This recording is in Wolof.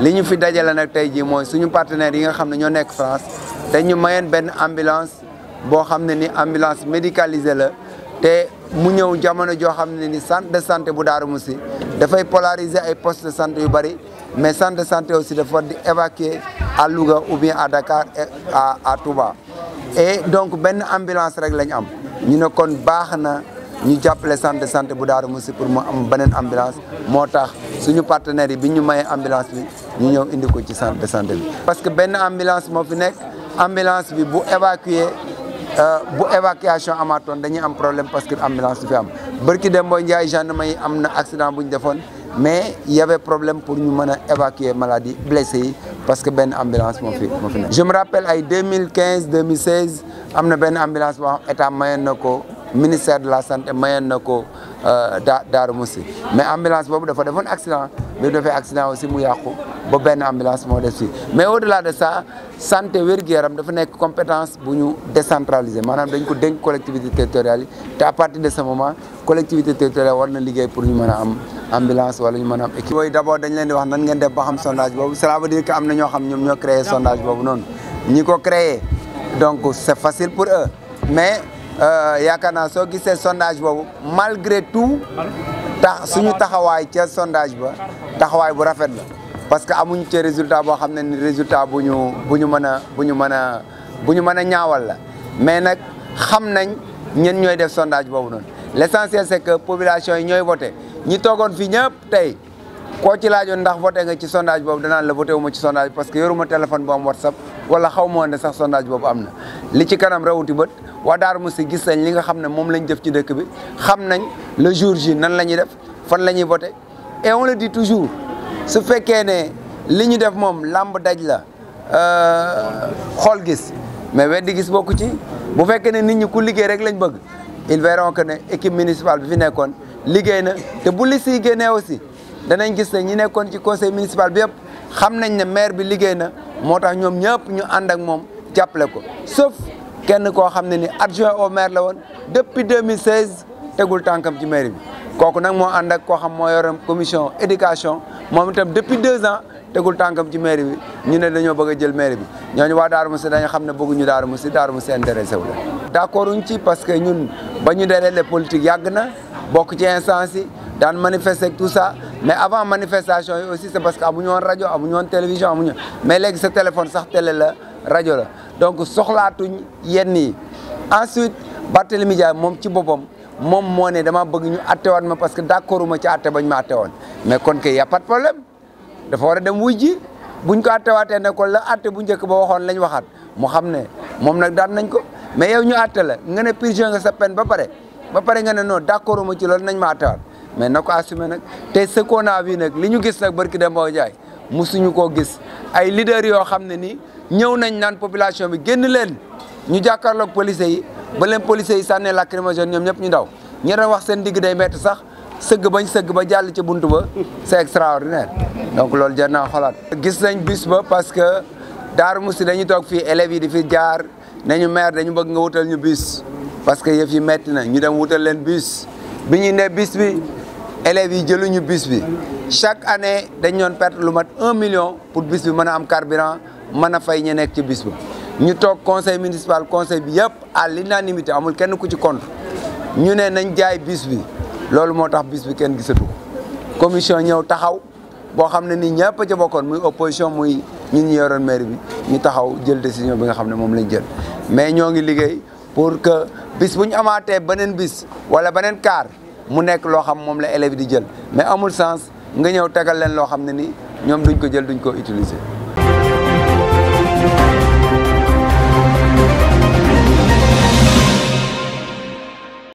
li ñu fi dajale nag tey jii mooy suñu partenaires yi nga xam ne ñoo nekk France te ñu mayeen benn ambulance boo xam ne ni ambulance médicalisée la te mu ñëw jamono joo xam ne ni centre de santé bu Darou Moussi dafay polariser ay poste de santé yu bëri mais centre santé aussi dafa di évacuer à Louga ou bien à Dakar et à à Touba. et donc benn ambulance rek lañ am ñu ne kon baax na ñu jàppale centre de santé bu Darou Moussi pour mu am beneen ambulance moo tax. suñu partenaires yi bi ñu mayee ambulance bi ñu ñëw indi ko ci centre de santé bi. parce que benn ambulance moo fi nekk ambulance bi bu évacué euh, bu évacuation amaatoon dañuy am problème parce que ambulance du fi am barki Demba Ndiaye gendarmerie may am na accident bu ñu defoon mais y problème pour ñu mën a évacuer maladie blessé yi parce que benn ambulance moo fi moo fi nekk. je me rappelle ay 2015 2016 am na benn ambulance boo xam état mayoon na ko ministère de la santé mayoon na ko. Euh, daa Daaru Moussi mais ambulance boobu dafa defoon accident bi defee accident aussi mu yàqu ba benn ambulance moo mais au delà de ça santé wér yaram dafa nekk compétence bu ñu décentralisée maanaam dañ ko dénk collectivité territoriale yi te à partir de ce moment collectivité territoriale war na liggéey pour ñu mën a am ambulance wala ñu mën a am équipe. yooyu d' abord dañ leen di wax nan ngeen sondage boobu cela veut dire que am na ñoo xam ñoom ñoo créé sondage boobu noonu ñi ko créé Euh, yaakaar naa soo gisee sondage boobu malgré tout tax suñu taxawaay ca sondage ba taxawaay bu rafet la parce que amuñ ci résultat boo xam ne ni résultat bu ñu bu ñu mën a bu ñu mën a bu ñu mën a ñaawal la mais nag xam nañ ñen ñooy def sondage boobu noonu l' essentiel c' population yi ñooy voté ñi toogoon fii ñëpp tey koo ci laajoon ndax voté nga ci sondage boobu danaan la voté wu ma ci sondage parce que yoruma téléphone bu am whatsapp wala xaw ma woon ne sax sondage boobu am na li ci kanam rawuti bët waa Darou si gis nañ li nga xam ne moom lañ def ci dëkk bi xam nañ le jour ji nan la ñuy def fan la ñuy voté et on le dit toujours su fekkee ne li ñu def moom làmb daj la euh, xool gis mais weddi gis bokku ci bu fekkee ne nit ñi ku liggéey rek lañ bëgg ils verront que ne équipe municipale bi fi nekkoon liggéey na te bu li siy génnee aussi danañ gis ne ñi nekkoon ci conseil municipal bi yëpp xam nañ ne maire bi liggéey na moo tax ñoom ñëpp ñu ànd ak moom. jàppale ko sauf kenn koo xam ne ni adjoint au maire la woon depuis 2016 tegul tànkam ji mairie bi kooku nag moo ànd ak koo xam moo yoram commission éducation moom itam depuis deux ans tegul tànkam ci mairie bi ñu ne dañoo bëgg a jël mairie bi ñooñu waa Darou Mousty dañu xam ne bëgguñu Darou Mousty Darou Mousty intéressé wu la. d' uñ ci parce que ñun ba ñu délégué politique yàgg na bokk ci instance yi daan manifester ak tout ça mais avant manifestation yi aussi c' parce que amuñu woon rajo amuñu woon télévision mais léegi sa téléphone sax télé la. rajo la donc soxlaatuñ yenn yi ensuite Barthélemy Dias moom ci boppam moom moo ne dama bëgg ñu ate attewaat ma parce que d'accord uma ci atte bañ ma attewoon mais kon kay y a pas war a dem wuj ji buñ ko ne ko la atte bu njëkk ba waxoon lañ waxaat mu xam ne moom nag daan nañ ko mais yow ñu atte la nga ne purgé nga sa peine ba pare ba pare nga ne non d'accord ma ci loolu nañ ma attewaat mais na ko assumé nag te ce qu'on a nag li ñu gis nag bërki barki Demba jaay musuñu koo gis ay leader yoo xam ne ni ñëw nañ naan population bi génn leen ñu jàkkaarloog police yi ba leen police yi sànnee lacrymogène ñoom ñëpp ñu daw ñi wax seen digg day metti sax sëgg bañ sëgg ba jàll ci buntu ba c'est extraordinaire donc loolu jar naa xolaat gis nañ bis ba parce que daar Mousty dañuy toog fii élèves yi di fi jaar nañu maire dañu bëgg nga wutal ñu bus parce que yëf yi metti na ñu dem wutal leen bis bi ñu ne bus bi élèves yi jëluñu bis bi chaque année dañ doon perte lu mat un million pour bus bi mën a am carburant mën a fay ñi nekk ci bus bi ñu toog conseil municipal conseil bi yëpp à l'unanimité amul kenn ku ci contre ñu ne nañ jaay bus bi loolu moo tax bis bi kenn gisatu ko ñëw taxaw boo xam ne nii ñëpp a ca bokkoon muy opposition muy ñun ñu yoroon maire bi ñu taxaw jël décision bi nga xam ne moom lañ jël mais ñoo ngi liggéey pour que bis bu ñu amaatee beneen bis wala beneen car mu nekk loo xam moom la élève di jël mais amul sens nga ñëw tegal leen loo xam ne ni ñoom duñ ko jël duñ ko utiliser